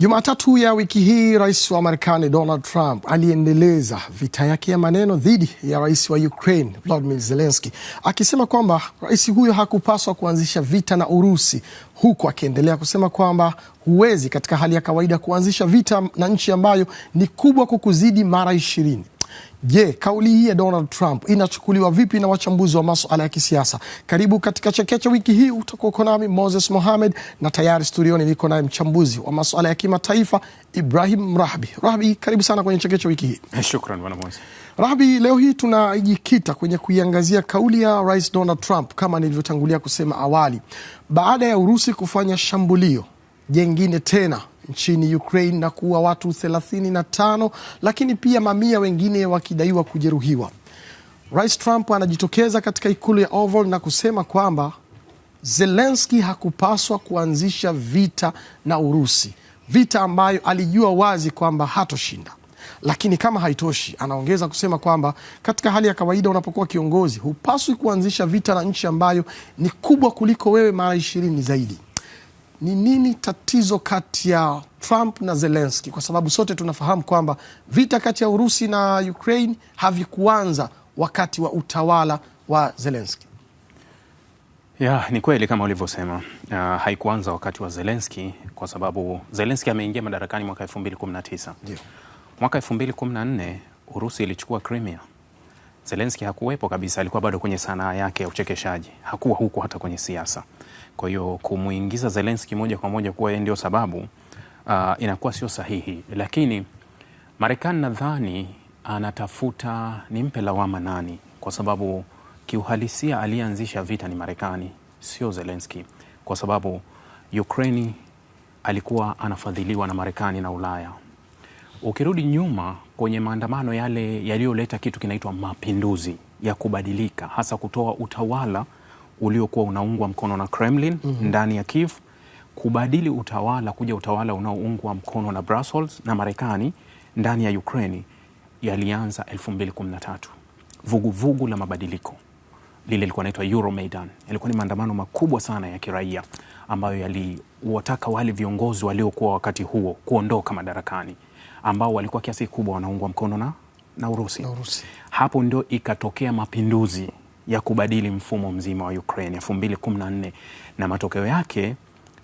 Jumatatu ya wiki hii rais wa Marekani Donald Trump aliendeleza vita yake ya maneno dhidi ya rais wa Ukraine Volodymyr Zelensky akisema kwamba rais huyo hakupaswa kuanzisha vita na Urusi, huku akiendelea kusema kwamba huwezi katika hali ya kawaida kuanzisha vita na nchi ambayo ni kubwa kukuzidi mara ishirini. Je, kauli hii ya Donald Trump inachukuliwa vipi na wachambuzi wa masuala ya kisiasa? Karibu katika Chekeche wiki hii, utakuwa uko nami Moses Mohamed na tayari studioni niko naye mchambuzi wa masuala ya kimataifa Ibrahim Rahbi. Rahbi, karibu sana kwenye Chekeche wiki hii. Eh, shukran bwana Moses. Rahbi, leo hii tunajikita kwenye kuiangazia kauli ya Rais Donald Trump kama nilivyotangulia kusema awali, baada ya Urusi kufanya shambulio jengine tena nchini Ukraine na kuua watu 35 lakini pia mamia wengine wakidaiwa kujeruhiwa. Rais Trump anajitokeza katika ikulu ya Oval na kusema kwamba Zelenski hakupaswa kuanzisha vita na Urusi, vita ambayo alijua wazi kwamba hatoshinda. Lakini kama haitoshi, anaongeza kusema kwamba katika hali ya kawaida, unapokuwa kiongozi, hupaswi kuanzisha vita na nchi ambayo ni kubwa kuliko wewe mara ishirini zaidi ni nini tatizo kati ya Trump na zelenski Kwa sababu sote tunafahamu kwamba vita kati ya Urusi na Ukraine havikuanza wakati wa utawala wa zelenski Ya, ni kweli kama ulivyosema. Uh, haikuanza wakati wa zelenski kwa sababu zelenski ameingia madarakani mwaka 2019. Ndio. Mwaka 2014 Urusi ilichukua Crimea. Zelensky hakuwepo kabisa, alikuwa bado kwenye sanaa yake ya uchekeshaji, hakuwa huko hata kwenye siasa. Kwa hiyo kumuingiza Zelensky moja kwa moja kuwa yeye ndio sababu uh, inakuwa sio sahihi, lakini Marekani nadhani anatafuta nimpe lawama nani, kwa sababu kiuhalisia aliyeanzisha vita ni Marekani, sio Zelensky, kwa sababu Ukraini alikuwa anafadhiliwa na Marekani na Ulaya. Ukirudi nyuma kwenye maandamano yale yaliyoleta kitu kinaitwa mapinduzi ya kubadilika, hasa kutoa utawala uliokuwa unaungwa mkono na Kremlin mm -hmm. ndani ya Kiev kubadili utawala kuja utawala unaoungwa mkono na Brussels na Marekani ndani ya Ukraine yalianza 2013. Vuguvugu la mabadiliko lile lilikuwa naitwa Euromaidan, ilikuwa ni maandamano makubwa sana ya kiraia ambayo yaliwataka wale viongozi waliokuwa wakati huo kuondoka madarakani ambao walikuwa kiasi kikubwa wanaungwa mkono na, na, Urusi. na Urusi. Hapo ndio ikatokea mapinduzi ya kubadili mfumo mzima wa Ukraine 2014 na matokeo yake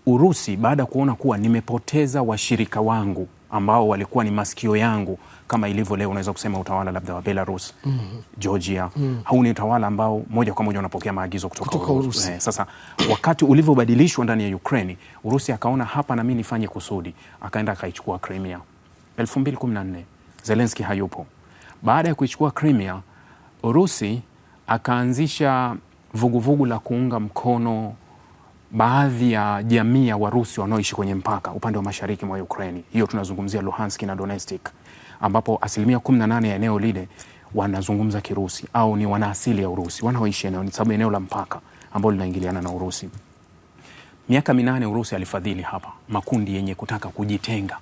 Urusi baada ya kuona kuwa nimepoteza washirika wangu ambao walikuwa ni masikio yangu, kama ilivyo leo, unaweza kusema utawala labda wa Belarus mm -hmm. Georgia mm -hmm. huu ni utawala ambao moja kwa moja unapokea maagizo kutoka, kutoka Urusi. Eh, sasa wakati ulivyobadilishwa ndani ya Ukraine, Urusi akaona hapa na mimi nifanye kusudi, akaenda akaichukua Crimea. 2014 Zelensky hayupo. Baada ya kuichukua Crimea, Urusi akaanzisha vuguvugu vugu la kuunga mkono baadhi ya jamii ya Warusi wanaoishi kwenye mpaka upande wa mashariki mwa Ukraini. Hiyo tunazungumzia Luhansk na Donetsk, ambapo asilimia 18 ya eneo lile wanazungumza Kirusi au ni wanaasili ya Urusi wanaoishi eneo, ni sababu eneo la mpaka ambalo linaingiliana na Urusi. Miaka minane Urusi alifadhili hapa makundi yenye kutaka kujitenga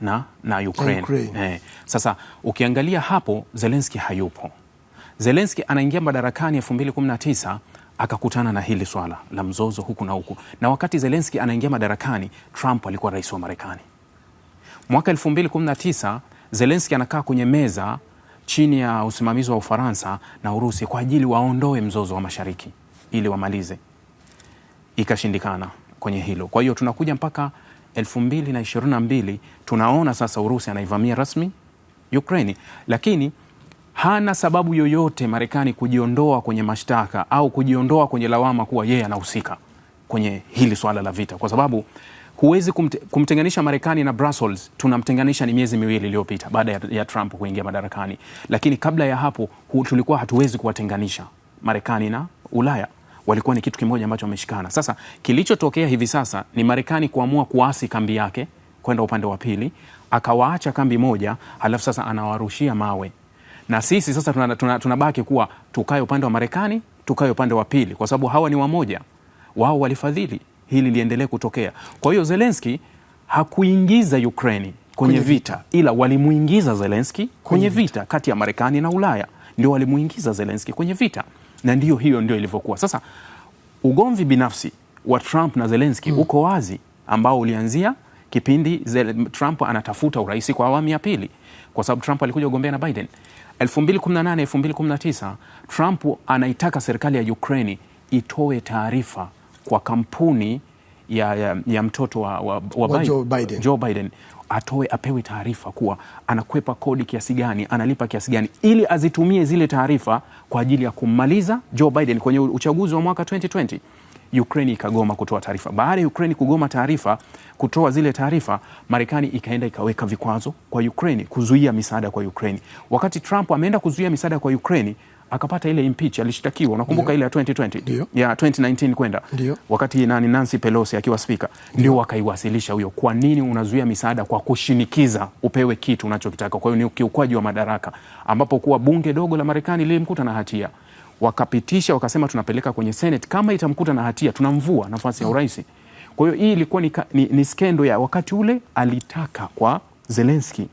na, na Ukraine, Ukraine. Eh, sasa ukiangalia hapo Zelensky hayupo. Zelensky anaingia madarakani 2019 akakutana na hili swala la mzozo huku na huku, na wakati Zelensky anaingia madarakani Trump alikuwa rais wa Marekani. Mwaka 2019 Zelensky anakaa kwenye meza chini ya usimamizi wa Ufaransa na Urusi kwa ajili waondoe mzozo wa mashariki ili wamalize, ikashindikana kwenye hilo. Kwa hiyo tunakuja mpaka 2022 tunaona sasa Urusi anaivamia rasmi Ukraini, lakini hana sababu yoyote Marekani kujiondoa kwenye mashtaka au kujiondoa kwenye lawama kuwa yeye anahusika kwenye hili swala la vita, kwa sababu huwezi kumte, kumtenganisha Marekani na Brussels. Tunamtenganisha ni miezi miwili iliyopita baada ya, ya Trump kuingia madarakani, lakini kabla ya hapo hu, tulikuwa hatuwezi kuwatenganisha Marekani na Ulaya walikuwa ni kitu kimoja ambacho wameshikana. Sasa kilichotokea hivi sasa ni Marekani kuamua kuasi kambi yake kwenda upande wa pili, akawaacha kambi moja, halafu sasa anawarushia mawe, na sisi sasa tunabaki tuna, tuna kuwa tukae upande wa Marekani, tukae upande wa pili, kwa sababu hawa ni wamoja, wao walifadhili hili liendelee kutokea. Kwa hiyo Zelenski hakuingiza Ukraini kwenye vita, ila walimuingiza Zelenski kwenye vita kati ya Marekani na Ulaya, ndio walimuingiza Zelenski kwenye vita na ndiyo hiyo ndio ilivyokuwa. Sasa ugomvi binafsi wa Trump na Zelensky mm. uko wazi, ambao ulianzia kipindi Trump anatafuta urais kwa awamu ya pili, kwa sababu Trump alikuja kugombea na Biden 2018 2019. Trump anaitaka serikali ya Ukraini itoe taarifa kwa kampuni ya, ya, ya mtoto wa, wa, wa Biden, Joe Biden atoe apewe taarifa kuwa anakwepa kodi kiasi gani, analipa kiasi gani, ili azitumie zile taarifa kwa ajili ya kummaliza Joe Biden kwenye uchaguzi wa mwaka 2020. Ukraine ikagoma kutoa taarifa. Baada ya Ukraine kugoma taarifa kutoa zile taarifa, Marekani ikaenda ikaweka vikwazo kwa Ukraine kuzuia misaada kwa Ukraine. Wakati Trump ameenda kuzuia misaada kwa Ukraine, akapata ile impeach, alishtakiwa. Unakumbuka ile ya 2020 ya 2019 kwenda wakati nani, Nancy Pelosi akiwa spika, ndio wakaiwasilisha huyo. Kwa nini unazuia misaada kwa kushinikiza upewe kitu unachokitaka? Kwa hiyo ni ukiukwaji wa madaraka, ambapo kuwa bunge dogo la Marekani lilimkuta na hatia wakapitisha wakasema, tunapeleka kwenye Senate, kama itamkuta na hatia tunamvua nafasi ya mm. urais. Kwa hiyo hii ilikuwa ni, ni, ni skendo ya wakati ule, alitaka kwa Zelensky.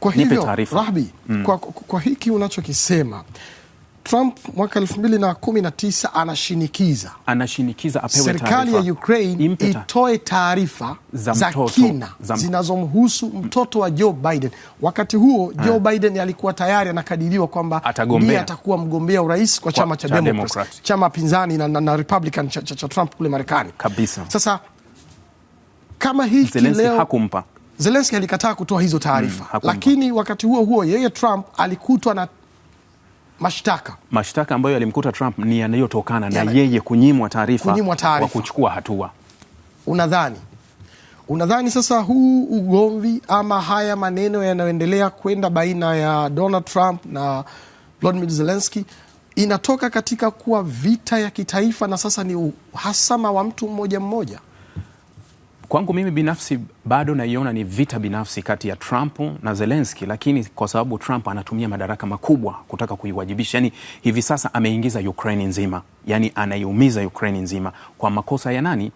Kwa hivyo Rahbi, mm. kwa, kwa hiki unachokisema Trump mwaka 2019 anashinikiza anashinikiza apewe serikali ya Ukraine Impeta. itoe taarifa za, za kina zinazomhusu mtoto wa Joe Biden. Wakati huo ha. Eh. Joe Biden alikuwa tayari anakadiriwa kwamba ndiye atakuwa mgombea urais kwa chama cha Democrat, chama pinzani na, na, na Republican cha, cha, cha Trump kule Marekani kabisa. Sasa kama hiki leo hakumpa Zelenski alikataa kutoa hizo taarifa hmm, lakini wakati huo huo yeye Trump alikutwa na mashtaka mashtaka ambayo yalimkuta Trump ni yanayotokana na yeye kunyimwa taarifa wa kuchukua hatua. Unadhani unadhani sasa huu ugomvi ama haya maneno yanayoendelea kwenda baina ya Donald Trump na Volodymyr Zelensky inatoka katika kuwa vita ya kitaifa na sasa ni uhasama wa mtu mmoja mmoja? Kwangu mimi binafsi bado naiona ni vita binafsi kati ya Trump na Zelensky, lakini kwa sababu Trump anatumia madaraka makubwa kutaka kuiwajibisha, yani hivi sasa ameingiza Ukraine nzima, yani anaiumiza Ukraine nzima kwa makosa ya nani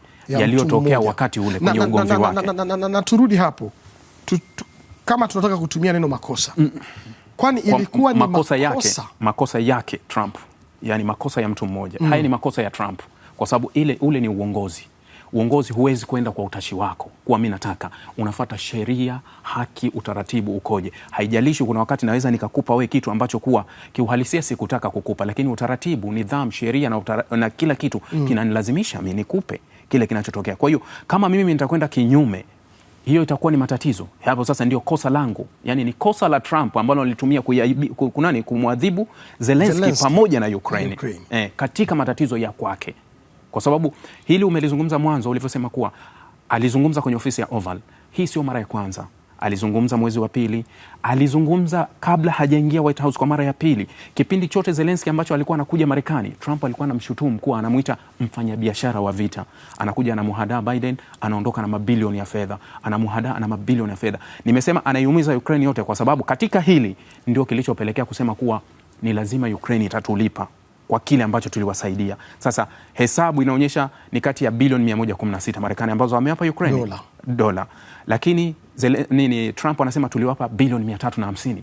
ya wakati ule kwenye ugomvi wake. Na turudi hapo tu, tu, kama tunataka kutumia neno makosa mm. kwani ilikuwa kwa, ni makosa, makosa yake, makosa yake Trump, yani makosa ya mtu mmoja mm. haya ni makosa ya Trump kwa sababu ile ule ni uongozi Uongozi huwezi kwenda kwa utashi wako, kuwa mi nataka, unafata sheria, haki, utaratibu ukoje. Haijalishi, kuna wakati naweza nikakupa we kitu ambacho kuwa kiuhalisia sikutaka kukupa, lakini utaratibu, nidham sheria na, utara, na kila kitu mm. kinanilazimisha mi nikupe kile kinachotokea. Kwa hiyo kama mimi nitakwenda kinyume hiyo itakuwa ni matatizo hapo. Sasa ndio kosa langu, yani ni kosa la Trump ambalo alitumia kunani kumwadhibu Zelenski, Zelenski pamoja na Ukraine, Ukraine. Eh, katika matatizo ya kwake kwa sababu hili umelizungumza mwanzo ulivyosema kuwa alizungumza kwenye ofisi ya Oval. Hii sio mara ya kwanza, alizungumza mwezi wa pili, alizungumza kabla hajaingia White House kwa mara ya pili. Kipindi chote Zelenski ambacho alikuwa anakuja Marekani, Trump alikuwa anamshutumu kuwa anamwita mfanyabiashara wa vita. Anakuja anamuhadaa Biden, anaondoka na mabilioni ya fedha, anamuhadaa na mabilioni ya fedha. Nimesema anaiumiza Ukraine yote, kwa sababu katika hili ndio kilichopelekea kusema kuwa ni lazima Ukraine itatulipa kwa kile ambacho tuliwasaidia. Sasa hesabu inaonyesha ni kati ya bilioni 116 Marekani ambazo amewapa Ukraine dola, dola. Lakini zele, nini, Trump anasema tuliwapa bilioni 350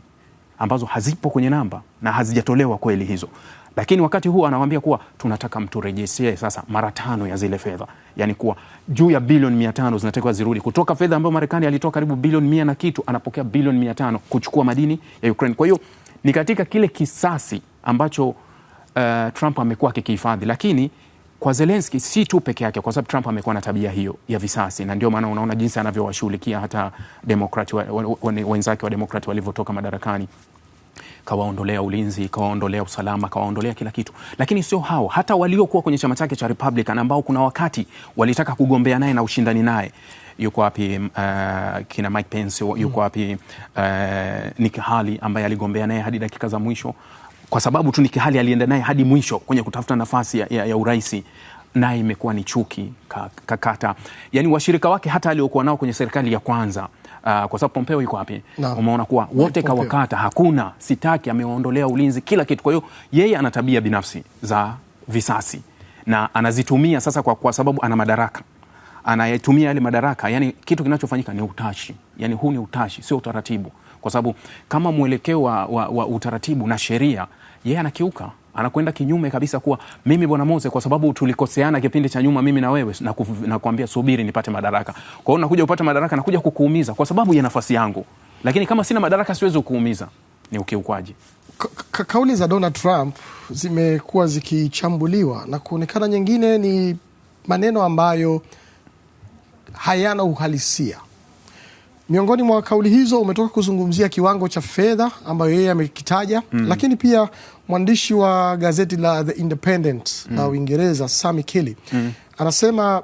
ambazo hazipo kwenye namba na hazijatolewa kweli hizo lakini wakati huu anawaambia kuwa tunataka mturejesee sasa mara tano ya zile fedha, yani kuwa juu ya bilioni 500 zinatakiwa zirudi kutoka fedha ambayo Marekani alitoa karibu bilioni 100 na kitu, anapokea bilioni 500 kuchukua madini ya Ukraine. Kwa hiyo ni katika kile kisasi ambacho Eh, Trump amekuwa akikihifadhi, lakini kwa Zelensky si tu peke yake, kwa sababu Trump amekuwa na tabia hiyo ya visasi, na ndio maana unaona jinsi anavyowashughulikia hata demokrati wenzake wa demokrati walivyotoka madarakani kawaondolea ulinzi, kawaondolea usalama, kawaondolea kila kitu. Lakini sio hao, hata waliokuwa kwenye chama chake cha Republican ambao kuna wakati walitaka kugombea naye na ushindani naye yuko wapi? Uh, kina Mike Pence yuko wapi? Uh, Nikki Haley ambaye aligombea naye hadi dakika za mwisho kwa sababu tu ni Kihali alienda naye hadi mwisho kwenye kutafuta nafasi ya, ya, ya uraisi naye imekuwa ni chuki kakata ka, yani washirika wake hata aliokuwa nao kwenye serikali ya kwanza uh, kwa sababu Pompeo yuko wapi, umeona kuwa wote kawakata, hakuna sitaki, ameondolea ulinzi kila kitu. Kwa hiyo yeye ana tabia binafsi za visasi na anazitumia sasa, kwa, kwa sababu ana madaraka anayetumia yale madaraka. Yani kitu kinachofanyika ni utashi, yani huu ni utashi, sio utaratibu kwa sababu kama mwelekeo wa, wa, wa utaratibu na sheria yeye yeah, anakiuka anakwenda kinyume kabisa, kuwa mimi bwana Mose, kwa sababu tulikoseana kipindi cha nyuma mimi na wewe, nakuambia subiri nipate madaraka. Kwa hiyo nakuja upate madaraka, nakuja kukuumiza kwa sababu ya nafasi yangu, lakini kama sina madaraka siwezi kukuumiza. Ni ukiukwaji. Kauli za Donald Trump zimekuwa zikichambuliwa na kuonekana nyingine ni maneno ambayo hayana uhalisia Miongoni mwa kauli hizo umetoka kuzungumzia kiwango cha fedha ambayo yeye amekitaja mm. Lakini pia mwandishi wa gazeti la The Independent mm. la Uingereza Sami Kelly mm. anasema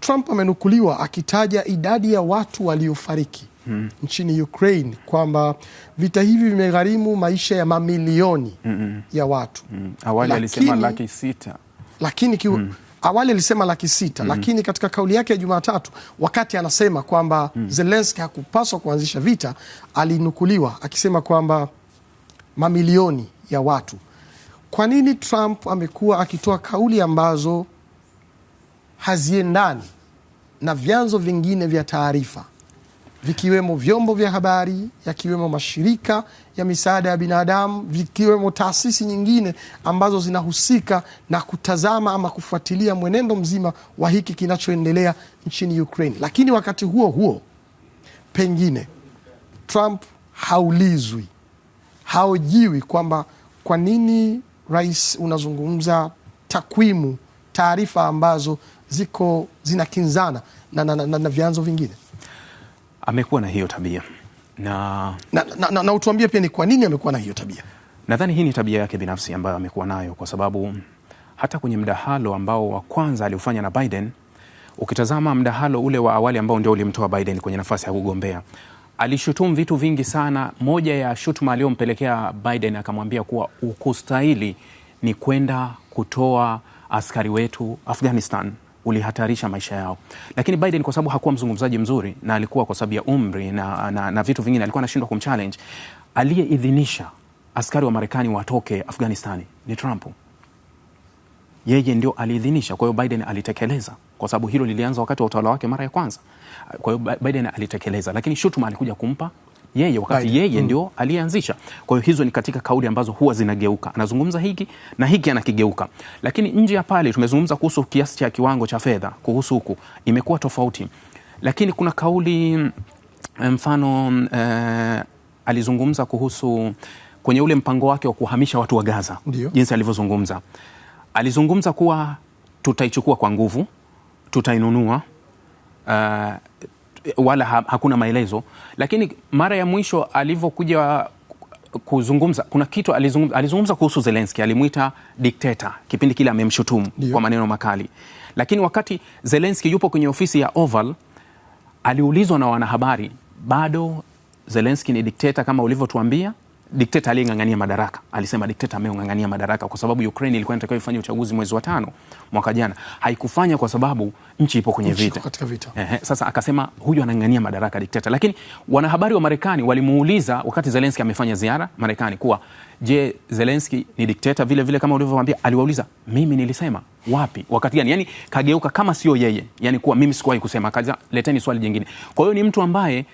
Trump amenukuliwa akitaja idadi ya watu waliofariki mm. nchini Ukraine kwamba vita hivi vimegharimu maisha ya mamilioni mm -mm. ya watu mm. Awali alisema laki sita lakini mm. Awali alisema laki sita mm -hmm. Lakini katika kauli yake ya Jumatatu wakati anasema kwamba mm -hmm. Zelenski hakupaswa kuanzisha vita, alinukuliwa akisema kwamba mamilioni ya watu. Kwa nini Trump amekuwa akitoa kauli ambazo haziendani na vyanzo vingine vya taarifa vikiwemo vyombo vya habari, yakiwemo mashirika ya misaada ya binadamu, vikiwemo taasisi nyingine ambazo zinahusika na kutazama ama kufuatilia mwenendo mzima wa hiki kinachoendelea nchini Ukraine. Lakini wakati huo huo, pengine Trump haulizwi, haojiwi kwamba kwa nini rais unazungumza takwimu, taarifa ambazo ziko zinakinzana na, na, na, na vyanzo vingine amekuwa na hiyo tabia na... Na, na, na, na utuambie pia ni kwa nini amekuwa na hiyo tabia. Nadhani hii ni tabia yake binafsi ambayo amekuwa nayo, kwa sababu hata kwenye mdahalo ambao wa kwanza aliofanya na Biden, ukitazama mdahalo ule wa awali ambao ndio ulimtoa Biden kwenye nafasi ya kugombea alishutumu vitu vingi sana. Moja ya shutuma aliyompelekea Biden akamwambia kuwa ukustahili ni kwenda kutoa askari wetu Afghanistan ulihatarisha maisha yao. Lakini Biden kwa sababu hakuwa mzungumzaji mzuri na alikuwa kwa sababu ya umri na, na, na vitu vingine alikuwa anashindwa kumchallenge. Aliyeidhinisha askari wa Marekani watoke Afghanistani ni Trump, yeye ndio aliidhinisha. Kwa hiyo Biden alitekeleza, kwa sababu hilo lilianza wakati wa utawala wake mara ya kwanza. Kwa hiyo Biden alitekeleza, lakini shutuma alikuja kumpa yeye wakati Baida. yeye mm. ndio aliyeanzisha. Kwa hiyo hizo ni katika kauli ambazo huwa zinageuka, anazungumza hiki na hiki anakigeuka. Lakini nje ya pale tumezungumza kuhusu kiasi cha kiwango cha fedha, kuhusu huku imekuwa tofauti, lakini kuna kauli eh, mfano eh, alizungumza kuhusu kwenye ule mpango wake wa kuhamisha watu wa Gaza. Ndiyo. jinsi alivyozungumza, alizungumza kuwa tutaichukua kwa nguvu, tutainunua uh, wala ha, hakuna maelezo, lakini mara ya mwisho alivyokuja kuzungumza kuna kitu alizungumza, alizungumza kuhusu zelenski alimwita dikteta kipindi kile, amemshutumu kwa maneno makali, lakini wakati zelenski yupo kwenye ofisi ya Oval aliulizwa na wanahabari, bado zelenski ni dikteta kama ulivyotuambia? dikteta aliyeng'ang'ania madaraka alisema dikteta ameong'ang'ania madaraka kwa sababu Ukraine ilikuwa inatakiwa ifanye uchaguzi mwezi wa tano mwaka jana, haikufanya kwa sababu nchi ipo kwenye vita. Vita. Ehe, sasa akasema huyu anang'ang'ania madaraka dikteta. Lakini wanahabari wa Marekani walimuuliza wakati Zelenski amefanya ziara Marekani kuwa je, Zelenski ni dikteta vile vile kama ulivyowaambia? Aliwauliza, mimi nilisema wapi, wakati gani? Yani kageuka kama sio yeye, yani kuwa mimi sikuwahi kusema. Akaja leteni swali jingine. Kwa hiyo ni mtu ambaye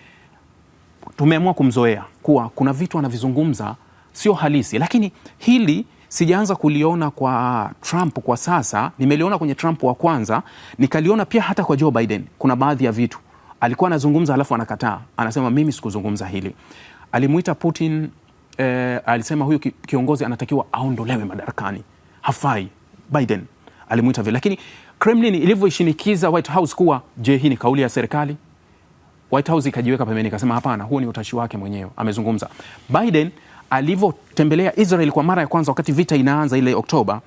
tumeamua kumzoea kuwa kuna vitu anavizungumza sio halisi, lakini hili sijaanza kuliona kwa Trump kwa sasa. Nimeliona kwenye Trump wa kwanza, nikaliona pia hata kwa Joe Biden. Kuna baadhi ya vitu alikuwa anazungumza alafu anakataa, anasema mimi sikuzungumza hili. Alimwita Putin eh, alisema huyu kiongozi anatakiwa aondolewe madarakani, hafai. Biden alimwita vile, lakini Kremlin ilivyoishinikiza White House kuwa, je, hii ni kauli ya serikali? White House ikajiweka pembeni ikasema hapana, huo ni utashi wake mwenyewe, amezungumza. Biden alivyotembelea Israel kwa mara ya kwanza wakati vita inaanza ile Oktoba,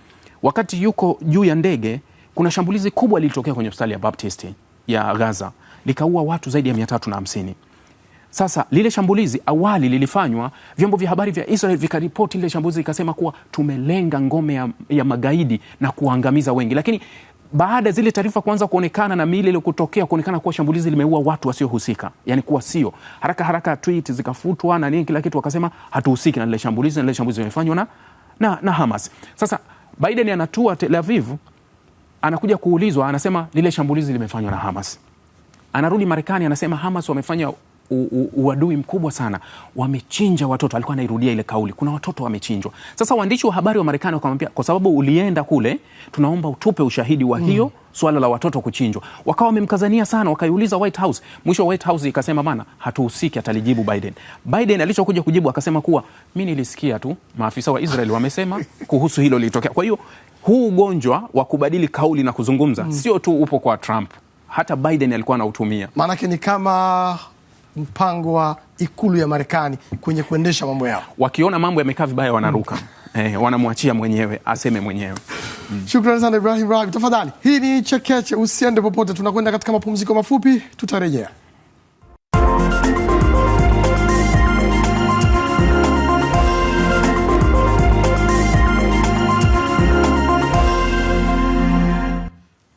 wakati yuko juu ya ndege, kuna shambulizi kubwa lilitokea kwenye hospitali ya Baptist ya Gaza likaua watu zaidi ya hamsini. Sasa lile shambulizi awali lilifanywa, vyombo vya habari vya Israel vikaripoti lile shambulizi, ikasema kuwa tumelenga ngome ya, ya magaidi na kuangamiza wengi, lakini baada ya zile taarifa kuanza kuonekana na miili ile kutokea kuonekana kuwa shambulizi limeua watu wasiohusika, yani kuwa sio haraka haraka, tweet zikafutwa na nini, kila kitu, wakasema hatuhusiki na lile shambulizi, na lile shambulizi limefanywa na, na, na Hamas. Sasa Biden anatua Tel Aviv, anakuja kuulizwa, anasema lile shambulizi limefanywa na Hamas. Anarudi Marekani, anasema Hamas wamefanya uadui mkubwa sana, wamechinja watoto. Alikuwa anairudia ile kauli, kuna watoto wamechinjwa. Sasa waandishi wa habari wa Marekani wakamwambia, kwa sababu ulienda kule, tunaomba utupe ushahidi wa hiyo mm. Swala la watoto kuchinjwa, wakawa wamemkazania sana, wakaiuliza White House. Mwisho White House ikasema bana, hatuhusiki, atalijibu Biden. Biden alichokuja kujibu akasema kuwa mi nilisikia tu maafisa wa Israel wamesema kuhusu hilo lilitokea. Kwa hiyo huu ugonjwa wa kubadili kauli na kuzungumza mm. sio tu upo kwa Trump, hata Biden alikuwa anautumia, maanake ni kama mpango wa ikulu ya Marekani kwenye kuendesha mambo yao. Wakiona mambo yamekaa vibaya, wanaruka mm. eh, wanamwachia mwenyewe aseme mwenyewe. Mm. Shukrani sana Ibrahim Rahbi. Tafadhali, hii ni Chekeche, usiende popote, tunakwenda katika mapumziko mafupi, tutarejea.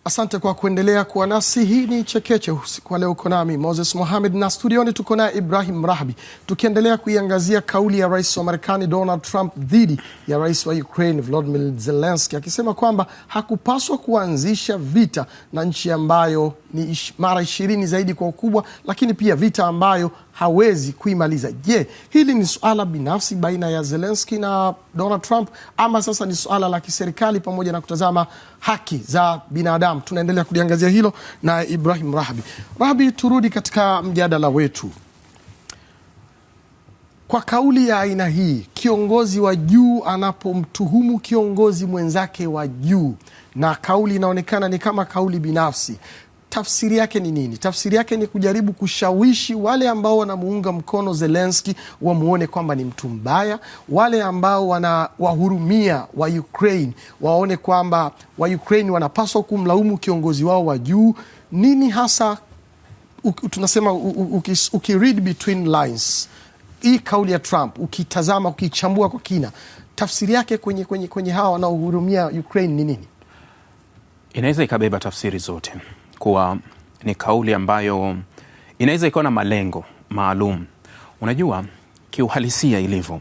Asante kwa kuendelea kuwa nasi. Hii ni Chekeche kwa leo, uko nami Moses Mohamed na studioni tuko naye Ibrahim Rahbi, tukiendelea kuiangazia kauli ya rais wa Marekani Donald Trump dhidi ya rais wa Ukraine Volodymyr Zelensky, akisema kwamba hakupaswa kuanzisha vita na nchi ambayo ni mara ishirini zaidi kwa ukubwa, lakini pia vita ambayo hawezi kuimaliza. Je, hili ni suala binafsi baina ya zelenski na Donald Trump ama sasa ni suala la kiserikali pamoja na kutazama haki za binadamu? Tunaendelea kuliangazia hilo na Ibrahim Rahbi. Rahbi, turudi katika mjadala wetu. Kwa kauli ya aina hii, kiongozi wa juu anapomtuhumu kiongozi mwenzake wa juu, na kauli inaonekana ni kama kauli binafsi, tafsiri yake ni nini? Tafsiri yake ni kujaribu kushawishi wale ambao wanamuunga mkono zelenski wamuone kwamba ni mtu mbaya, wale ambao wanawahurumia wa Ukraine waone kwamba wa Ukraine wanapaswa kumlaumu kiongozi wao wa juu. Nini hasa tunasema, ukiread between lines hii kauli ya Trump, ukitazama ukichambua kwa kina, tafsiri yake kwenye, kwenye, kwenye hawa wanaohurumia Ukraine ni nini? Inaweza ikabeba tafsiri zote kuwa ni kauli ambayo inaweza ikawa na malengo maalum. Unajua kiuhalisia ilivyo,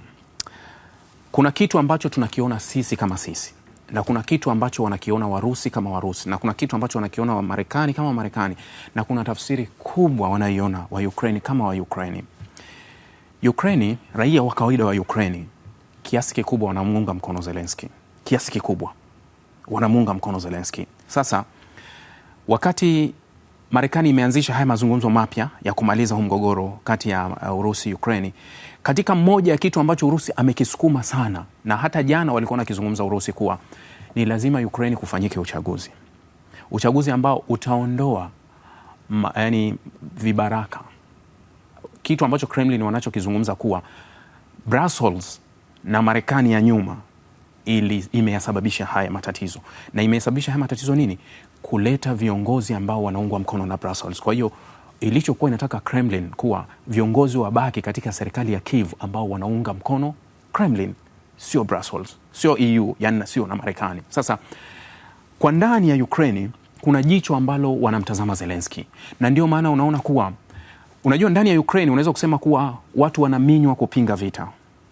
kuna kitu ambacho tunakiona sisi kama sisi na kuna kitu ambacho wanakiona Warusi kama Warusi na kuna kitu ambacho wanakiona Wamarekani kama Wamarekani na kuna tafsiri kubwa wanaiona wa Waukraini kama wa Waukraini. Ukraini, raia wa kawaida wa Ukraini kiasi kikubwa wanamuunga mkono Zelenski, kiasi kikubwa wanamuunga mkono Zelenski. Sasa Wakati Marekani imeanzisha haya mazungumzo mapya ya kumaliza huu mgogoro kati ya uh, Urusi Ukraini, katika moja ya kitu ambacho Urusi amekisukuma sana, na hata jana walikuwa nakizungumza Urusi kuwa ni lazima Ukraini kufanyike uchaguzi, uchaguzi ambao utaondoa ma, yani vibaraka, kitu ambacho Kremlin wanachokizungumza kuwa Brussels na Marekani ya nyuma ili imeyasababisha haya matatizo na imeyasababisha haya matatizo nini? kuleta viongozi ambao wanaungwa mkono na Brussels. Kwa hiyo ilichokuwa inataka Kremlin kuwa viongozi wabaki katika serikali ya Kiev ambao wanaunga mkono Kremlin, sio Brussels, sio EU, yani sio na Marekani. Sasa kwa ndani ya Ukraini kuna jicho ambalo wanamtazama Zelensky, na ndio maana unaona kuwa unajua, ndani ya Ukraini unaweza kusema kuwa watu wanaminywa kupinga vita,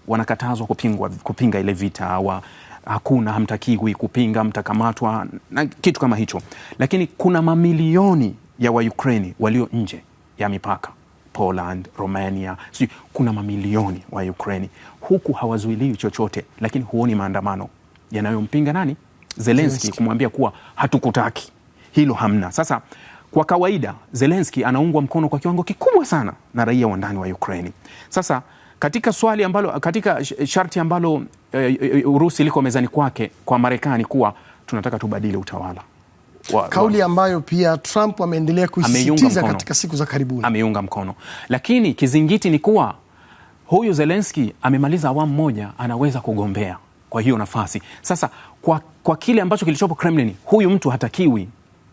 wanakatazwa kupingwa, kupinga ile vita wa hakuna, hamtakiwi kupinga, mtakamatwa na kitu kama hicho. Lakini kuna mamilioni ya Waukraini walio nje ya mipaka Poland, Romania, si kuna mamilioni wa Ukraini huku hawazuiliwi chochote, lakini huoni maandamano yanayompinga nani? Zelenski, kumwambia kuwa hatukutaki, hilo hamna. Sasa kwa kawaida Zelenski anaungwa mkono kwa kiwango kikubwa sana na raia wa ndani wa Ukraini. Sasa katika swali ambalo, katika sharti ambalo e, Urusi liko mezani kwake kwa Marekani kuwa tunataka tubadili utawala wa, kauli wa, ambayo pia Trump ameendelea kuisisitiza katika siku za karibuni, ameiunga mkono, lakini kizingiti ni kuwa huyu zelenski amemaliza awamu moja, anaweza kugombea kwa hiyo nafasi sasa. Kwa, kwa kile ambacho kilichopo Kremlin, huyu mtu hatakiwi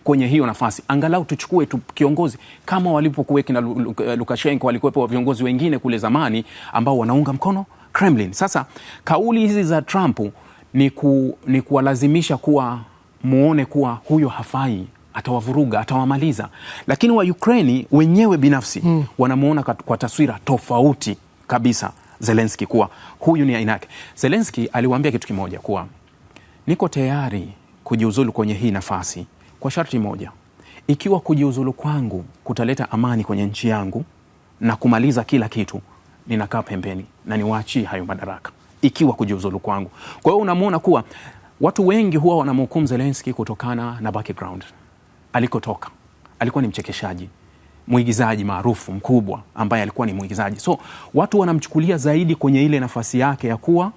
kwenye hiyo nafasi, angalau tuchukue tu kiongozi kama walipokuweki na eh, Lukashenko, walikuwepo viongozi wengine kule zamani ambao wanaunga mkono Kremlin. Sasa kauli hizi za Trump ni, ku, ni kuwalazimisha kuwa muone kuwa huyo hafai atawavuruga atawamaliza, lakini wa Ukraini wenyewe binafsi hmm, wanamuona kwa taswira tofauti kabisa Zelenski, kuwa huyu ni aina yake. Zelenski aliwaambia kitu kimoja kuwa niko tayari kujiuzulu kwenye hii nafasi kwa sharti moja, ikiwa kujiuzulu kwangu kutaleta amani kwenye nchi yangu na kumaliza kila kitu, ninakaa pembeni na niwaachie hayo madaraka, ikiwa kujiuzulu kwangu. Kwa hiyo unamwona kuwa watu wengi huwa wanamhukumu Zelenski kutokana na background alikotoka. Alikuwa ni mchekeshaji, mwigizaji maarufu mkubwa, ambaye alikuwa ni mwigizaji, so watu wanamchukulia zaidi kwenye ile nafasi yake ya kuwa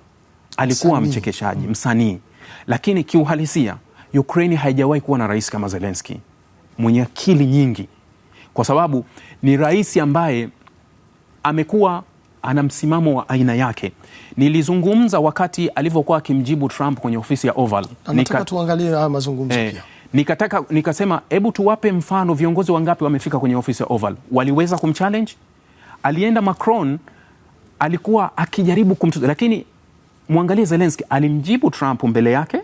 alikuwa mchekeshaji, msanii, lakini kiuhalisia Ukraini haijawahi kuwa na rais kama Zelenski mwenye akili nyingi, kwa sababu ni rais ambaye amekuwa ana msimamo wa aina yake. Nilizungumza wakati alivyokuwa akimjibu Trump kwenye ofisi ya Oval. Nika... tuangalie haya mazungumzo eh, nikataka nikasema, hebu tuwape mfano viongozi wangapi wamefika kwenye ofisi ya Oval waliweza kumchallenge. Alienda Macron, alikuwa akijaribu kumtu, lakini mwangalie Zelensky alimjibu Trump mbele yake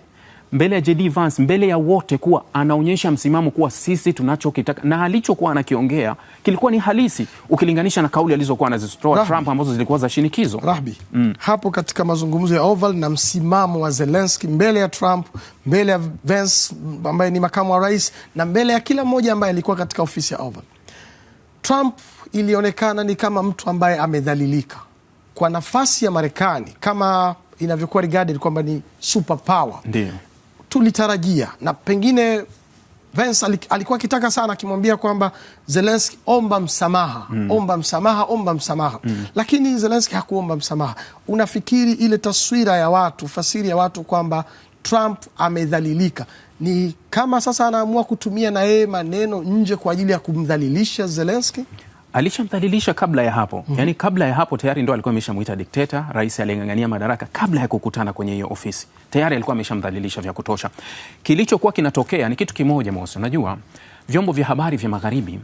mbele ya JD Vance, mbele ya wote, kuwa anaonyesha msimamo kuwa sisi tunachokitaka na alichokuwa anakiongea kilikuwa ni halisi, ukilinganisha na kauli alizokuwa anazitoa Trump ambazo zilikuwa za shinikizo Rahbi. Mm. hapo katika mazungumzo ya Oval na msimamo wa Zelensky mbele ya Trump, mbele ya Vance ambaye ni makamu wa rais, na mbele ya kila mmoja ambaye alikuwa katika ofisi ya Oval, Trump ilionekana ni kama mtu ambaye amedhalilika kwa nafasi ya Marekani kama inavyokuwa regarded kwamba ni superpower. Ndiyo tulitarajia, na pengine Vance alikuwa akitaka sana akimwambia kwamba Zelensky, omba msamaha mm. omba msamaha, omba msamaha mm. Lakini Zelensky hakuomba msamaha. Unafikiri ile taswira ya watu, fasiri ya watu kwamba Trump amedhalilika ni kama sasa anaamua kutumia na yeye maneno nje kwa ajili ya kumdhalilisha Zelensky? alishamdhalilisha kabla ya hapo mm -hmm. Yani kabla ya hapo tayari ndo alikuwa ameshamuita dikteta, rais aliyeng'ang'ania madaraka. Kabla ya kukutana kwenye hiyo ofisi tayari alikuwa ameshamdhalilisha vya kutosha. Kilichokuwa kinatokea ni kitu kimoja mosi, unajua vyombo vya habari vya magharibi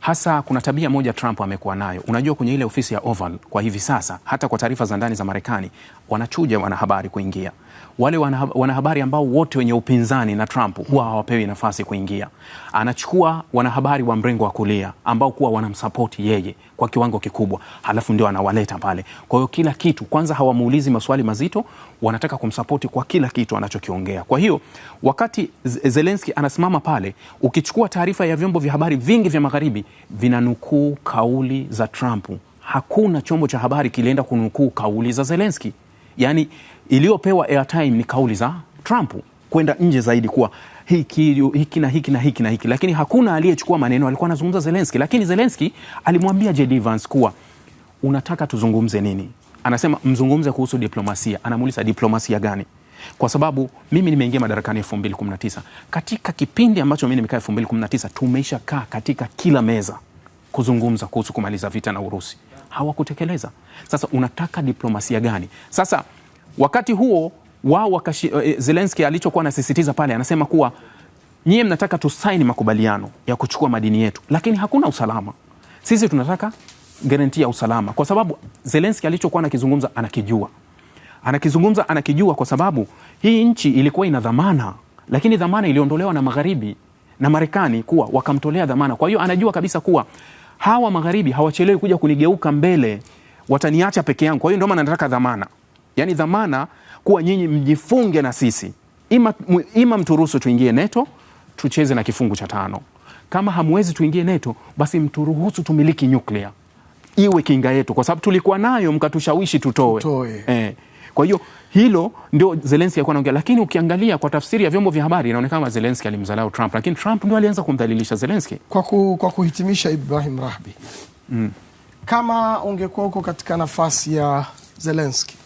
hasa kuna tabia moja Trump amekuwa nayo, unajua, kwenye ile ofisi ya Oval kwa hivi sasa, hata kwa taarifa za ndani za Marekani wanachuja wanahabari kuingia. Wale wanahabari ambao wote wenye upinzani na Trump huwa hawapewi nafasi kuingia, anachukua wanahabari wa mrengo wa kulia ambao kuwa wanamsapoti yeye kwa kiwango kikubwa, halafu ndio anawaleta pale. Kwa hiyo kila kitu kwanza, hawamuulizi maswali mazito, wanataka kumsapoti kwa kila kitu anachokiongea. Kwa hiyo wakati zelenski anasimama pale, ukichukua taarifa ya vyombo vya habari vingi vya magharibi vinanukuu kauli za Trump, hakuna chombo cha habari kilienda kunukuu kauli za zelenski Yani iliyopewa airtime ni kauli za Trump, kwenda nje zaidi kuwa hiki, hiki na hiki na hiki na hiki, lakini hakuna aliyechukua maneno. Alikuwa anazungumza Zelenski. lakini Zelenski alimwambia JD Vance kuwa unataka tuzungumze nini? Anasema mzungumze kuhusu diplomasia. Anamuuliza diplomasia gani? Kwa sababu mimi nimeingia madarakani 2019 katika kipindi ambacho mimi nimekaa 2019 tumeisha kaa katika kila meza kuzungumza kuhusu kumaliza vita na Urusi, hawakutekeleza. Sasa unataka diplomasia gani? Sasa wakati huo wao wakashi, eh, eh, Zelensky alichokuwa anasisitiza pale, anasema kuwa nyie mnataka tusaini makubaliano ya kuchukua madini yetu, lakini hakuna usalama. Sisi tunataka garanti ya usalama, kwa sababu Zelensky alichokuwa anakizungumza anakijua, anakizungumza anakijua, kwa sababu hii nchi ilikuwa ina dhamana, lakini dhamana iliondolewa na magharibi na Marekani kuwa wakamtolea dhamana. Kwa hiyo anajua kabisa kuwa hawa magharibi hawachelewi kuja kunigeuka mbele, wataniacha peke yangu. Kwa hiyo ndio maana nataka dhamana, yani dhamana kuwa nyinyi mjifunge na sisi, ima, ima mturuhusu tuingie NETO tucheze na kifungu cha tano. Kama hamwezi tuingie NETO, basi mturuhusu tumiliki nyuklia, iwe kinga yetu, kwa sababu tulikuwa nayo, mkatushawishi tutoe, tutoe. Eh. Kwa hiyo hilo ndio Zelenski alikuwa anaongea, lakini ukiangalia kwa tafsiri ya vyombo vya habari inaonekana kama Zelenski alimdhalau Trump, lakini Trump ndio alianza kumdhalilisha Zelenski. Kwa, ku, kwa kuhitimisha, Ibrahim Rahbi, mm. kama ungekuwa huko katika nafasi ya Zelenski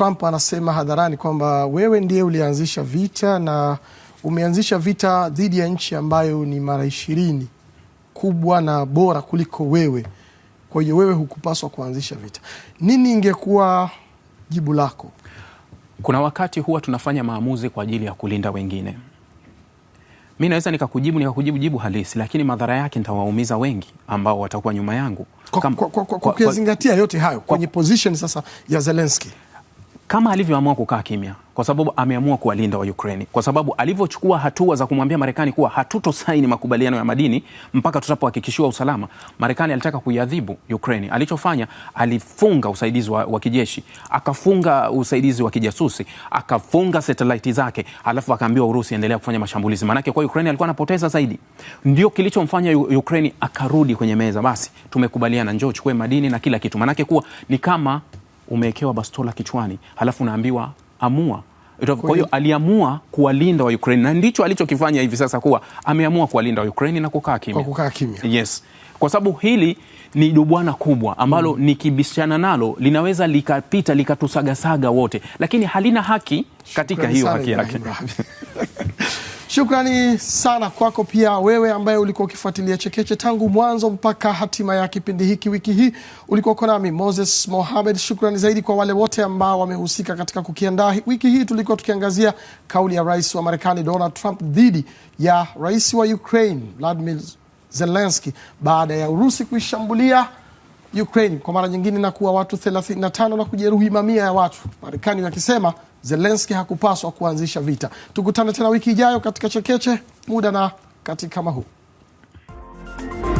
Trump anasema hadharani kwamba wewe ndiye ulianzisha vita na umeanzisha vita dhidi ya nchi ambayo ni mara ishirini kubwa na bora kuliko wewe, kwa hiyo wewe hukupaswa kuanzisha vita. Nini ingekuwa jibu lako? Kuna wakati huwa tunafanya maamuzi kwa ajili ya kulinda wengine. Mi naweza nikakujibu nikakujibu jibu halisi, lakini madhara yake nitawaumiza wengi ambao watakuwa nyuma yangu, kwa kuyazingatia yote hayo kwenye position sasa ya Zelensky kama alivyoamua kukaa kimya, kwa sababu ameamua kuwalinda wa Ukraine, kwa sababu alivyochukua hatua za kumwambia Marekani kuwa saini makubaliano ya madini mpaka tutapohakikishiwa usalama. Marekani alitaka kuiadhibu Ukraine, alichofanya alifunga usaidizi wa, wa kijeshi, akafunga usaidizi wa kijasusi, akafunga satelaiti zake, alafu akaambiwa Urusi endelea kufanya mashambulizi. Maanake kwa Ukraine alikuwa anapoteza zaidi, ndio kilichomfanya Ukraine akarudi kwenye meza, basi tumekubaliana, njoo chukue madini na kila kitu, maanake kuwa ni kama umewekewa bastola kichwani, halafu unaambiwa amua. Kwa hiyo aliamua kuwalinda wa Ukraine na ndicho alichokifanya hivi sasa, kuwa ameamua kuwalinda wa Ukraine na kukaa kimya, kukaa kimya. Yes, kwa sababu hili ni dubwana kubwa ambalo mm. nikibishana nalo linaweza likapita likatusagasaga wote, lakini halina haki katika Shukrani hiyo haki yake. Shukrani sana kwako pia wewe ambaye ulikuwa ukifuatilia Chekeche tangu mwanzo mpaka hatima ya kipindi hiki. Wiki hii ulikuwa uko nami Moses Mohamed. Shukrani zaidi kwa wale wote ambao wamehusika katika kukiandaa. Wiki hii tulikuwa tukiangazia kauli ya rais wa Marekani Donald Trump dhidi ya rais wa Ukraine Vladimir Zelensky baada ya Urusi kuishambulia Ukraine kwa mara nyingine na kuwa watu 35 na kujeruhi mamia ya watu, Marekani wakisema Zelensky hakupaswa kuanzisha vita. Tukutane tena wiki ijayo katika Chekeche, muda na katika kama huu.